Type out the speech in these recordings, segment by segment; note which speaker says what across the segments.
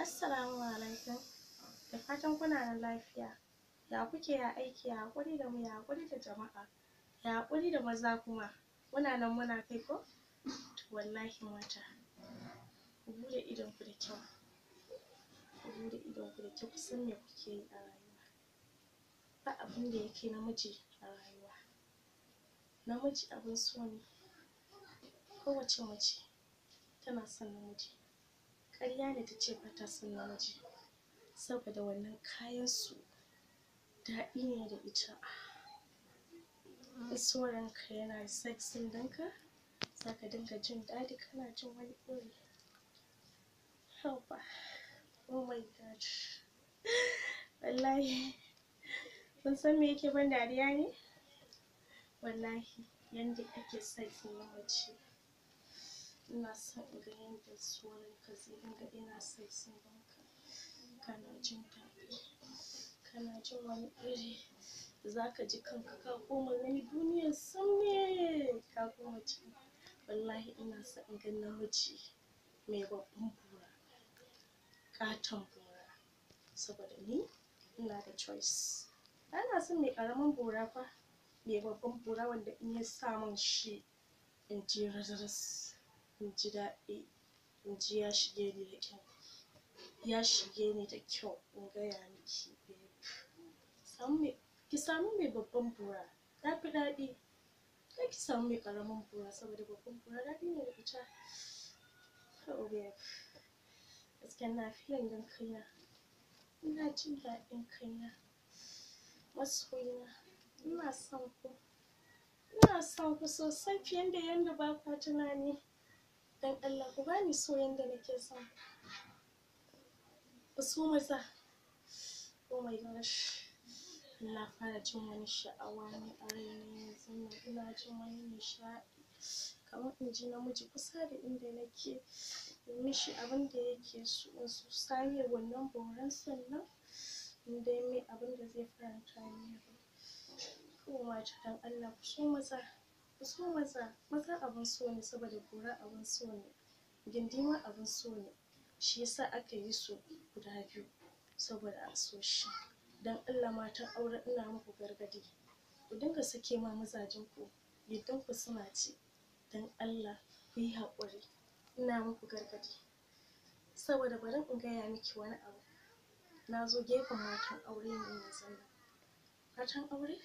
Speaker 1: Assalamu alaikum da fatan kuna nan lafiya ya kuke ya aiki ya haƙuri da mu ya haƙuri da jama'a ya haƙuri da maza kuma muna nan muna kai ko wallahi mata ku bude idon ku da kyau ku bude idon ku da kyau ku san me kuke yi a rayuwa ba abin da yake namiji a rayuwa namiji abin so ne kowace mace tana son namiji ƙarya ne ta ce fa ta son namiji saboda wannan kayan su daɗi ne da ita in so ranka yana sex ɗinka za ka dinga jin daɗi kana jin wani iri yauwa oh my god wallahi kun san me yake ban dariya ne wallahi yanda ake sex namiji ina son in ga yadda ka zai dinga ina ka kana jin daɗi kana jin wani iri za ka ji kanka ka koma nan duniyar sanne ka koma cikin wallahi ina son in ga namiji mai babban bora, ƙaton bora. saboda ni ina da choice ana son mai ƙaramin bora fa mai babban bora wanda in ya sa min shi in ji razaras in ji daɗi in ji ya shige ni da kyau ya shige ni da kyau in gaya miki babe ki samu mai babban bura ta fi daɗi kar ki samu mai ƙaramin bura saboda babban bura daɗi ne da ita oh babe gaskiya na feeling ɗin kaina ina jin daɗin kaina masoyina ina son ku ina son ku sosai fiye da yadda ba kwa tunani dan Allah ku bani so yanda nake so ku so maza oh my gosh na fara jin wani sha'awa ne a raina yanzu nan ina jin wani nishaɗi kamar in ji namiji kusa da inda nake in mishi abin da yake so in so wannan boran sannan in dai mai abin da zai faranta ni rai ko Allah ku so maza so maza maza abin so ne saboda kura abin so ne gindima abin so ne shi yasa aka yi su guda biyu saboda a so shi don Allah matan aure ina muku gargadi ku dinga sake ma mazajen ku yaddan ku suna ci don Allah ku yi haƙuri ina muku gargadi saboda bari in gaya miki wani abu na zo gefen matan aure ne yanzu matan aure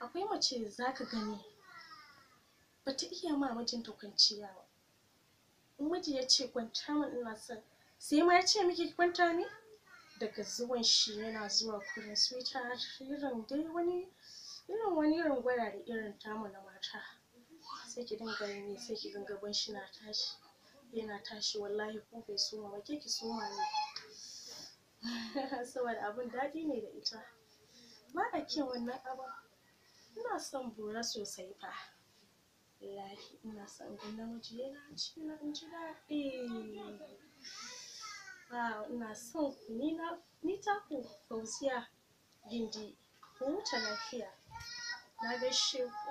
Speaker 1: akwai mace za ka gani bata iya ma mijinta kwanciya ba miji ya ce kwanta min ina son sai ma ya ce miki kwanta ni? daga zuwan shi yana zuwa kurin sweetheart irin dai wani irin wani rangwada da irin tamu na mata sai ki dinga ne sai ki dinga ban shi na tashi yana tashi wallahi ko bai soma ba ke ki soma ne saboda abin daɗi ne da ita ba a ke wannan abun ina son bura sosai fa wallahi ina son ga namiji yana ci na in ji daɗi ina son ni na ni ta ku fauziya gindi ku lafiya na gaishe ku